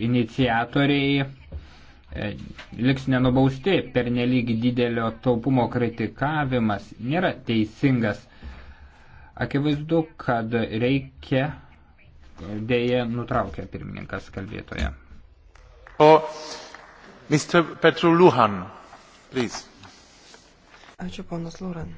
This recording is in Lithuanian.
iniciatoriai e, liks nenubausti per nelyg didelio taupumo kritikavimas nėra teisingas. Akivaizdu, kad reikia, dėje nutraukė pirmininkas kalbėtoje. O Mr. Petru Luhan, please. Ačiū, ponas Luran.